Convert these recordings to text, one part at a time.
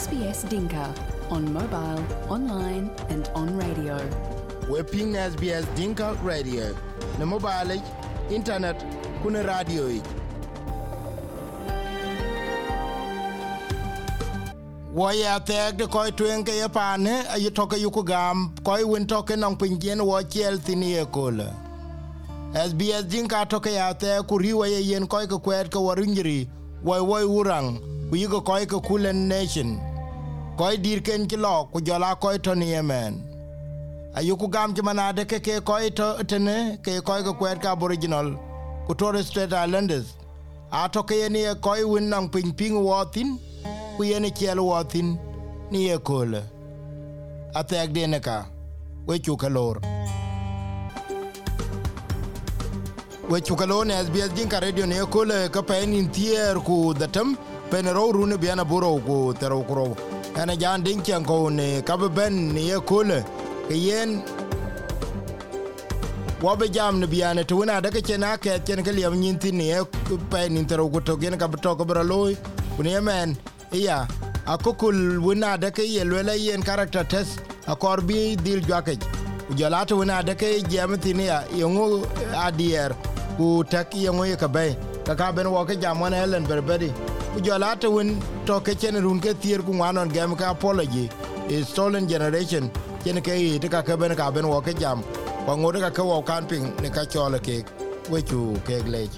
SBS Dinka on mobile, online and on radio. We're ping SBS Dinka Radio. Na mobile, internet, kuna radio. wo ya thɛɛk de kɔc tueŋ ke ye paane yuku gam koi wen tɔke nɔŋ piny jien wɔ ciɛɛl ye koole sbs Dinka tɔke ya thɛɛk ku riu ye yen kɔc ke kuɛɛt ke wɔ rinyiri wɔi ku yigo koi ko kulen nation koi dir ken ki lo ku jola koi to ni yemen ayu ku gam ki manade ke ke koi to tene ke koi ko kwet ka original ku Torres Strait Islanders to ke ni e koi win nang ping ping wotin ku ni kiel wotin ni e kole atek ne ka we chu lor we chu lor ne SBS din ka radio ne kole ka pe ni tier ku datam pene penero rune biana buro ku tero kuro ana jan din chen ko ne kabe ben ne ye kule ke yen wabe jam ne biana tu na daga chen ake chen ke liam nyin tin ne pe ni tero ku to gen ka to ko bro loy ku ne men iya akokul wina daga ye lele yen character test akor bi dil jwake ku jalatu wina daga jam tin ya yongu adier ku tak yongu ye kabe kaka ben wo ke jam ne helen berberi ku jɔl ate tɔ ke cien run ke thier ku ŋuan ɔn gɛm ke apology is stolen generation cien ke yi te kakeben kaben ke jam kua ŋot kake wɔu kan piŋ ne ka cɔl keek wecu keek lec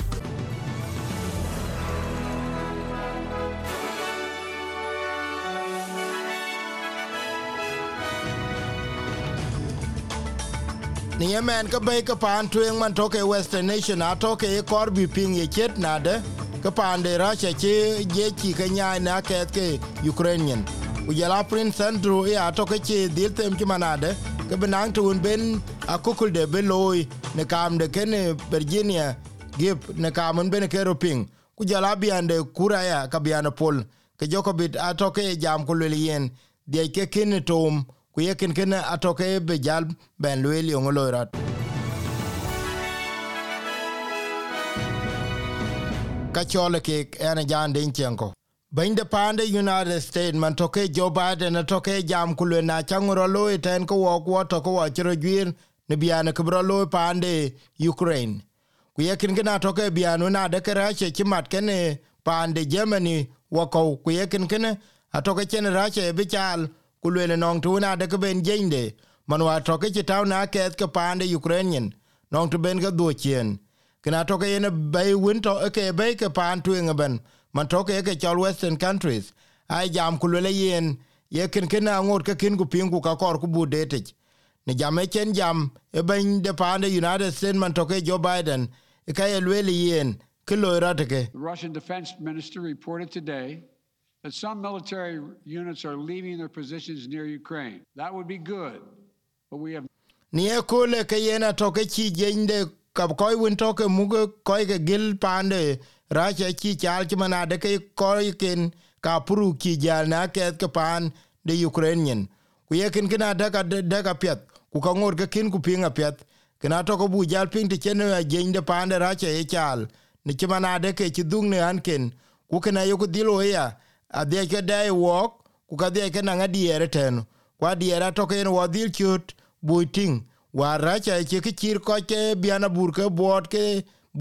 ni yemen ke bei ke paan tueŋ man toke western nation a toke ye kɔr bi piŋ ye ciet nade ke pande Russia che je ki ke nya na ke ke Ukrainian ujala Prince Andrew ya to ke che dil tem ki manade ke benang tun ben akukul de beloy ne kam de ken Virginia gib ne kam ben ke roping kujala biande kuraya ka biana pol ke joko bit atoke jam kulwel yen dia ke kin tom ku yekin ken atoke be jal ben lwel yongolorat ka chole ke ene jande inchenko bende pande united states man toke joe biden toke jam kulwe na changuro loy ten ko wo ko to ko chiro gwir ne biane kubro loy pande ukraine ku yekin gina toke bianu na de kerache chimat kene pande germany wo ko ku yekin kene atoke chen rache bichal kulwe nong tuna de ben jende man wa toke chitau na ket ke pande ukrainian nong to ben ga duchien kena toke yene bay bay ke pan ben man toke chol western countries ai jam yen ye ken ken angot ke ku pingu ka kor ku budete jam jam e ben de pan de united states man toke joe biden ka ye yen ke lo russian defense minister reported today that some military units are leaving their positions near ukraine that would be good but we have ni e kole ke yena toke chi jende ka koy win toke ke muge koy ke gil pande racha e chi chal chi mana de ke koy ken ka puru ki jal na ke ke pan de ukrainian ku ye ken kina de ka de ka pet ku ka ngor ke kin ku pinga pet kina to ko bu jal pin ti chen na e gen de pande racha e, e chal ni chi mana de ke chi dung ne an ken ku kena yo ku dilo ya a de ke dai wok ku ka de ke na ngadiere ten kwa diera to ke en wadil chut buiting war racha che ke chir ko ke biana bur ke bot ke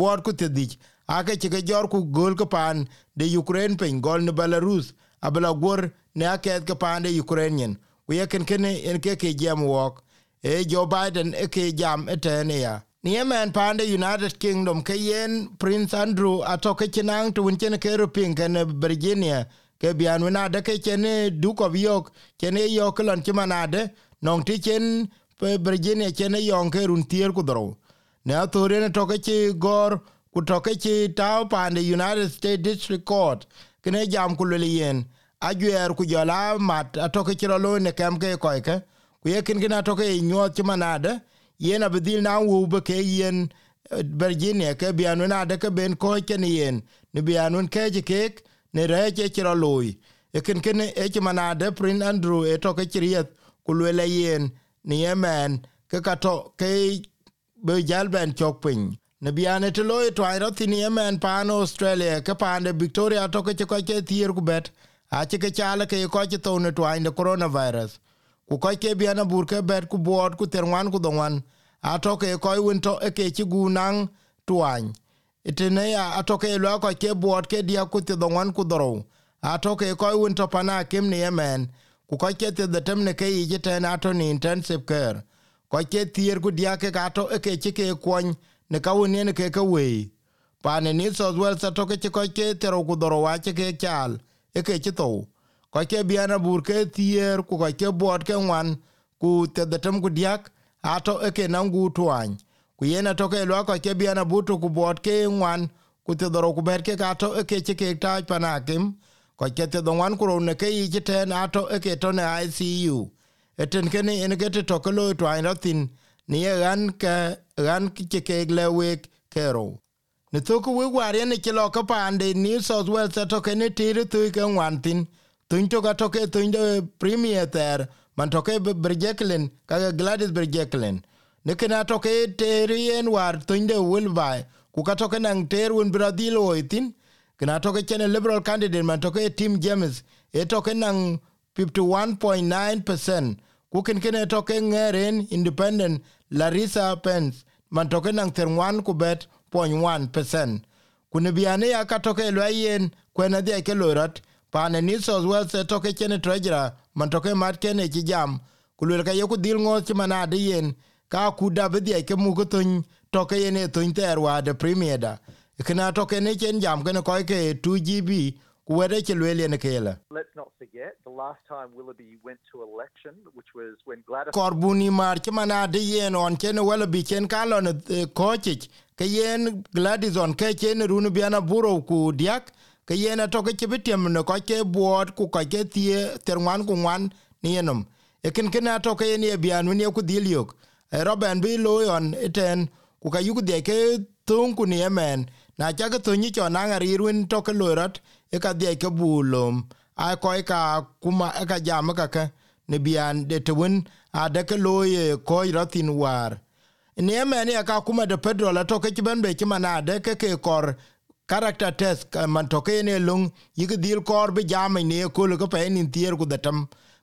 bot ku te dich ake che ke jor ku gol ke pan de Ukraine pen gol ne Belarus abla gor ne ake ke pan de Ukrainian ku ye ken ken en ke ke jam wok e Joe Biden e ke jam etene ya ni pan de United Kingdom ke yen Prince Andrew atoke chinang tuun chen ke rupin kene Virginia ke bian wina ke chen e Duke of York chen e yokelon chimanade nong ti chen pe Virginia chene yon ke run tier ku dhoro. Ne athore ne toke chi gor ku toke chi tau pande United States District Court kene jam ku lele yen. Ajuer ku jola mat atoke chiro lo ne kemke koike. Ku yekin kina atoke inyuot e chumanade yen abidhil na wubu ke yen eh, Virginia ke bianun ade ke ben koike ni yen. Ni bianun keji kek ne reche chiro loyi. Ekin kene echi manade Prince Andrew etoke chirieth ku lele yen ni yemen ke kato ke be jal ben chok piny ne biane te loy ayro ro ni yemen pan australia ke pan victoria to ke ko ke thier kubet a che ke chale ke ko che to ne to ayne coronavirus ku ko ke biana bur ke bet ku bot ku terwan ku donwan a to ke ko win to e ke chi gunang twai itene e ya a to ke lo ko ke bot ke dia ku ti donwan ku doro a to ke ko win to pana kim ni yemen ku ko ke the tem ne ke yi te na to ni intensive care ko ke tier ku dia ke ka to ke ke ke kon ne ka woni ne ke ke we pa ne ni so wel sa to ke ko ke te ro ku doro wa ke ke chal e ke ti to ko ke bi ana bur ke tier ku ko ke bot ke wan ku te the tem ku dia a e ke na ngu twan ku yena to ke lo ko ke bi ana butu ku bot ke wan ku te doro ku ber ke ka to ke ke ke ta pa na kim ko kete don wan kuro ne ke yi ten ato e ke to ne ICU eten ke ne en ke to ko to an ratin ni ran ke ran ke ke le we kero ne to ku we war ne ke lo ko pa ande ni so wel to ke ne ti tu ke wan tin tun to ga to ke tun de premier ter man to ke berjeklen ka gladis berjeklen ne ke na to ke te rien war tun de wel bai ku ka to ke nan ter un bradilo itin kena toke chene liberal candidate man toke Tim James e toke nang 51.9% kuken kene toke ngeren independent Larissa Pence man toke nang 31 kubet 0.1% kune biane ya ka toke lwa yen kwena dhia ke lorat pane New South Wales e toke chene treasurer man toke mat kene chijam kulwele ka yoku dhil ngos chima yen ka kuda bidhia ke mugu thunye toke yene thunye terwa de premier da. kena to ke ne chen jam ke ne ko ke 2gb kuwere ke le ne kela let's not forget the last time willoughby went to election which was when gladys korbuni mar ke mana de yen on chen willoughby chen ka kalon eh, ko ti ke yen gladys on ke chen runu biana buro ku diak ke yen to ke ke bitem ne ko ke buot ku ko ke tie terwan ku wan ni enum ekin kena to ke ne bian ne ku diliok e roben bi loyon iten, e ku ka yugu de ke tun ku ni yemen na cha ke thonyi cho na rirwin to ke lorat e ka dia ke bulom a ko e ka kuma e ka jam e ka ka ne bian de tun a de ke loye ko ratin war ne me ne ka kuma de pedro la to ke ben be ki mana de ke ke kor character test man to ke ne lung yi ke kor bi jam e ne ko le ko pe ni tier ku de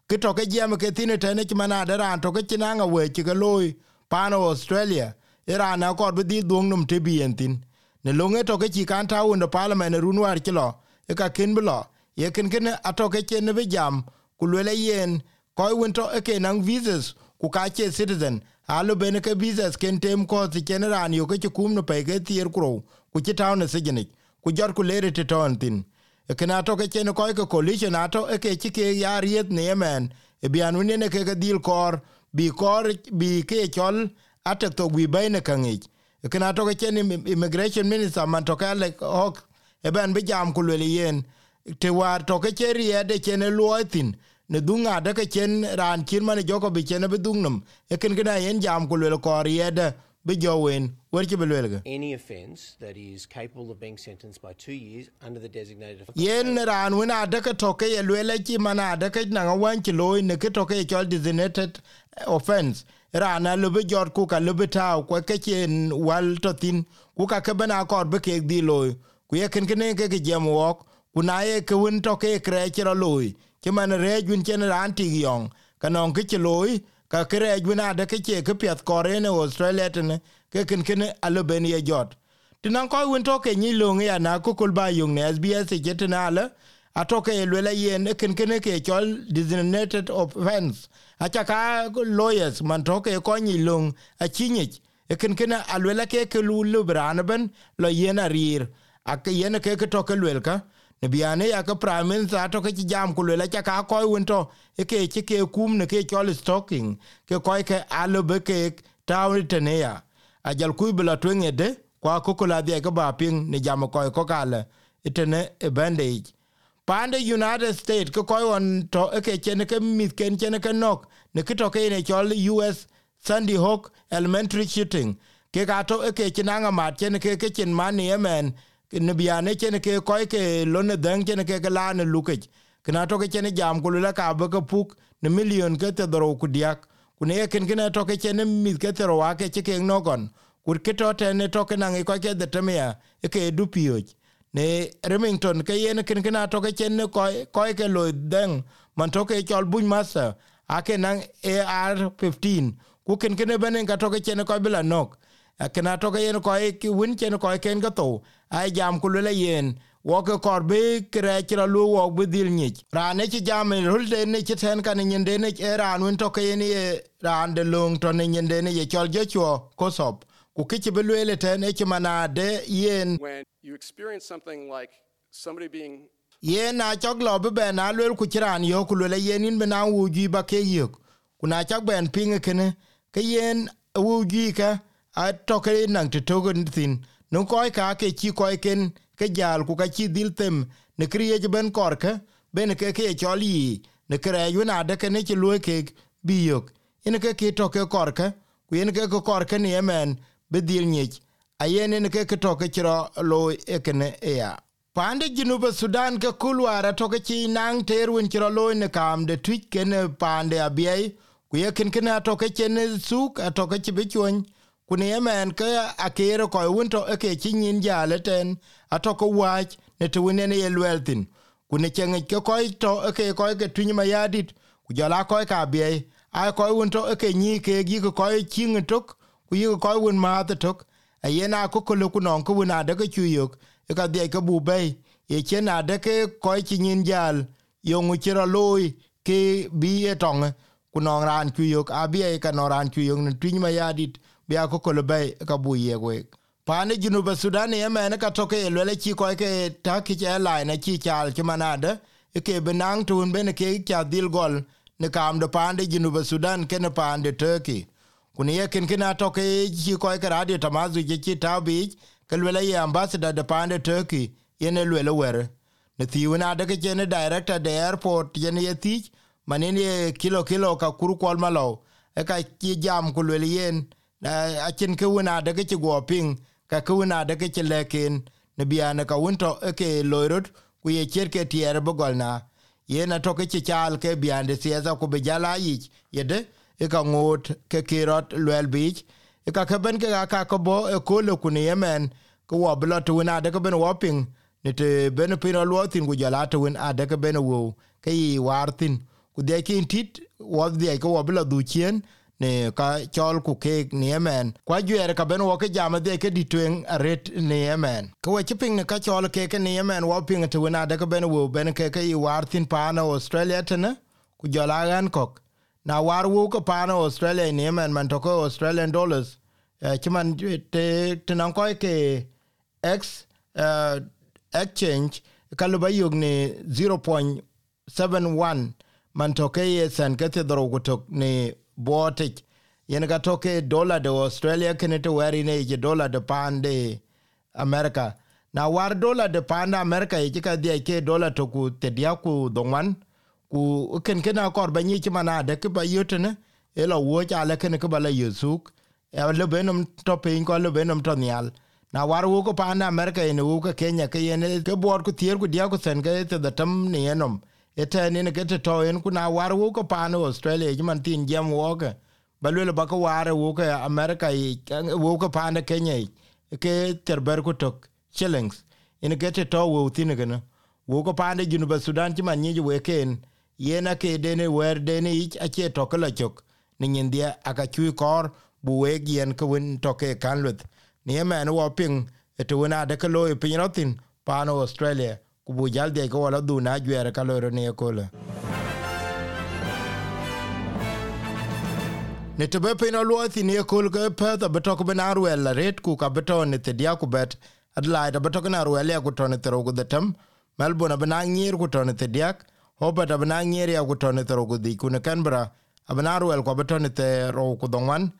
ke to ke jam e ke tine te ne ki mana de ran to ke ti we ke loy pano australia era na kor bi di dung num te bien tin ne longe toke ci kan ta won parliament e run war ci lo e ka kin blo ye kin kin e atoke ke be jam ku le yen ko won to e ke nan visas ku ka che citizen alo bene ke visas ken tem ko ti ken ran yo ke kum no pe ke tier kro ku ti ta ne sigini ku jor ku le ti ton tin e kin atoke ke ko ke coalition ato e ke ti ke ya riet ne men e bi anu ne ke ke dil kor bi kor bi ke chol atek to gwi bene kangich kana to ke immigration minister man to ok e bi jam ku yen te to ke ne dunga de ke chen ran man bi bi dungnum e ken gna yen jam ku le ko bi wer any offense that is capable of being sentenced by 2 years under the designated yen ran wina de ke to ke le ki ke na wan ki ne ke to ke designated offense rana lobe jot ku ka lobe taw ko ke wal to thin ku ka ke bana kor be ke di loy ku ye ken ken ke jem wok ku ye ke win to ke kre che loy ke man re jun chen ran ti yong ka ke loy ka kre jun ade ke che ke pet kore ne australia ne ke ken ken a lobe jot tinan ko win to ke ni lo ya na ku ba yung ne sbs je e tinale atoke ye lwela yen ken kene ke chol designated offense acha ka lawyers man toke ko ni long a chinyi ken kene alwela ke ke lu lubran ben lo yen arir ak yen ke ke toke lwelka ne biane ya ka prime minister toke ti jam ku lwela cha ka ko winto ke ke ke kum ne ke chol stalking ke ko ke alobe ke tawi tenia ajal ku bla twengede kwa kokula dia ke ba ping ne jam ko ko kale itene e bandage pande united state ke koy on to ke chen ke mit ken chen ke nok ne ke ke ne chol us sandy hook elementary shooting ke ga to ke chinanga mat chen ke ke chin mani yemen ne biane chen ke koy ke lone dang chen ke la ne luke kna to ke chen jam ku la ka ba ke puk ne million ke te dro ku diak ku ne ken ke to ke chen mit ke te ro wa ke ke no gon ke to te ne to e ke na ke ke de temia ke du pioj ne Remington ke yen ken ken ato ke chen koy koy ke lo deng man to chol buny master ake nang AR15 ku ken ken benen ka to chen koy bila nok ken ato ke yen koy ki win chen koy ken ga to ai jam ku le yen wo ke kor be kre kra lu wo bu dil ni ra ne chi jam rul de ne chi ten kan ni de ne era nun to yen ye ran de lung to ne ne ye chol je cho kosop ku ke ci belwele ten e ci manade yen yen na chok lo be ben a lwel ku chiran yo ku lwele yen in bena wu ji ba ke yek ku na chok ben pinge kene ke yen wu ji ka a to ke nan te to gun e nu ko ka ke ci ko ke jal ku ka ci dil tem ne kriye ben kor ke ben ke ke e choli ne kre e yu na de ke ne ci lwe ke bi yek in ke ke to ke ku yen ke ko kor ni yemen be dhil nyech ayene ne ke ke chiro lo ekene ya pande jinuba sudan ke kulwara toke chi nang terwin chiro lo ne kam de twich kene pande abiei ku ken kene atoke chene suk atoke chi bichwony kuni yemen ke akere koy winto eke chi nyin jale ten atoko wach ne tuwine ne yelwelthin kuni chenge ke koy to eke koy ke twiny mayadit ku jala koy ka abiei ay koy winto eke nyi ke gi koy ching tok ku yi ko won ma ta tok a ye na ko ko ku non ku na de ku yo ka de ka bu be ye che na de ke ko ti nin jal yo ngu ti ro loy ke bi e tong ku non ran ku yo a bi e ka non ran ku yo ne tin ma ya dit bi a ko ko be ka bu ye we pani junu ba sudan ye me ne ka to ke le le ti ko ke ta ki ja la ne ti jal ti manade ke benang tun ben ke ka dil gol ne kam do pande junu ba sudan ke ne pande turkey kuni ye kin kena to ke ji ko ke radio tamazu ji ti tabi ke le ye ambassador de pande turki ye ne le le wer ne ti una de ke ne director de airport ye ne ti manene ye kilo kilo ka kuru kol malo e ka ti jam ku le yen a chen ke una de ke go pin ka ku una de ke le kin ne bi ana ka unto e ke loirut ku ye cher ke ti er bo tiere ye na to ke ti chal ke bi biande sieza ku be jala yi ye de e ka ngot ke kirot lwel bich e ka keben ke ka ko bo e ko lo e kuni yemen ko wo blo to na de ko ben wo ping ni te ben pin ro lo tin gu ja la to na de ko ben wo ke yi war tin ku de kin tit wo de ko wo blo du chen ne ka chol ku ke ni yemen kwa jere ka ben wo ke jama de ke di twen aret ni yemen ko we ping ne ka chol ke ke ni yemen wo ping to na de ko ben wo ben ke ke yi war tin pa na australia tene ku ja la kok na war wo ko pano australia ni men man to ko australian dollars chiman eh, te tinan ko ke x eh, exchange kalu ba yug ni 0.71 man to ke sen ke te dro gutok ni botik yen ga to ke dollar de australia kene te wari ne ye dollar de pande america na war dollar de pande america ye ka dia ke dollar to ku te dia ku dongwan ku ken ken akor ba nyi chimana de ke ba yotene e lo wo cha le ken ke ba le yusuk e le benom to pin ko le benom to nyal na war wo ko pa na amerika ne wo ke kenya ke ne ke bor ku tier ku dia ku sen ke te da tam ne enom ete ni ne ke te to en ku na war wo ko pa no australia ji e man tin jam wo ke ba le ba ko war e wo e, ke amerika wo ko pa na kenya ke terber ku tok shillings ene ke to wo tin wo ko pa ne junu ba sudan ji man ni we ken yena ke dene wer dene ich ache toke lo chok ni nyindia aka kor bu weg yen ke win toke kan ni emen wo ping ete wina adeke loyo piny rothin pano Australia kubu jal dhiek wala dhu na jwere ka loro ne kole. ne tebe piny oluo thin ye kol ke ko na ru el aret ku kabeto ne thidia kubet adelaide abetok na el ya kutone thirogu dhetem melbourne abenang nyir kutone thidiak hobat abena nyer ya ku tone tero ku dhi kune canbera abena ruel ku abetone tero ku dhoŋuan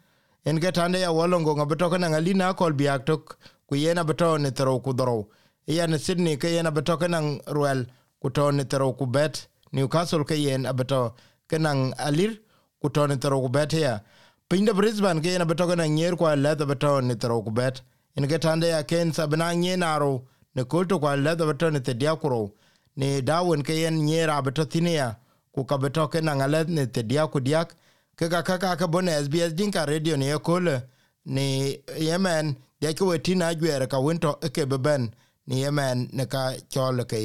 en ke ya wolongo ŋa betoke naŋ alina akol biak tok ku yen abetone tero ku dhorou sydney ke yen abetoke naŋ ruel ku tone tero newcastle ke yen abeto ke naŋ alir ku tone tero ya piny de ke yen abetoke naŋ nyer ku aleth abetone tero ku en ke ya kens abena nyen ne kulto ku aleth abetone te diakurou ne dawon ke yen nyera beto tinia ku ka beto ke na ngalet ne te dia ku dia ke ka ka ka ka bone SBS dinka radio ne yokole ne Yemen ya ku tinia gwer ka winto ke beben ne Yemen ne ka chole ke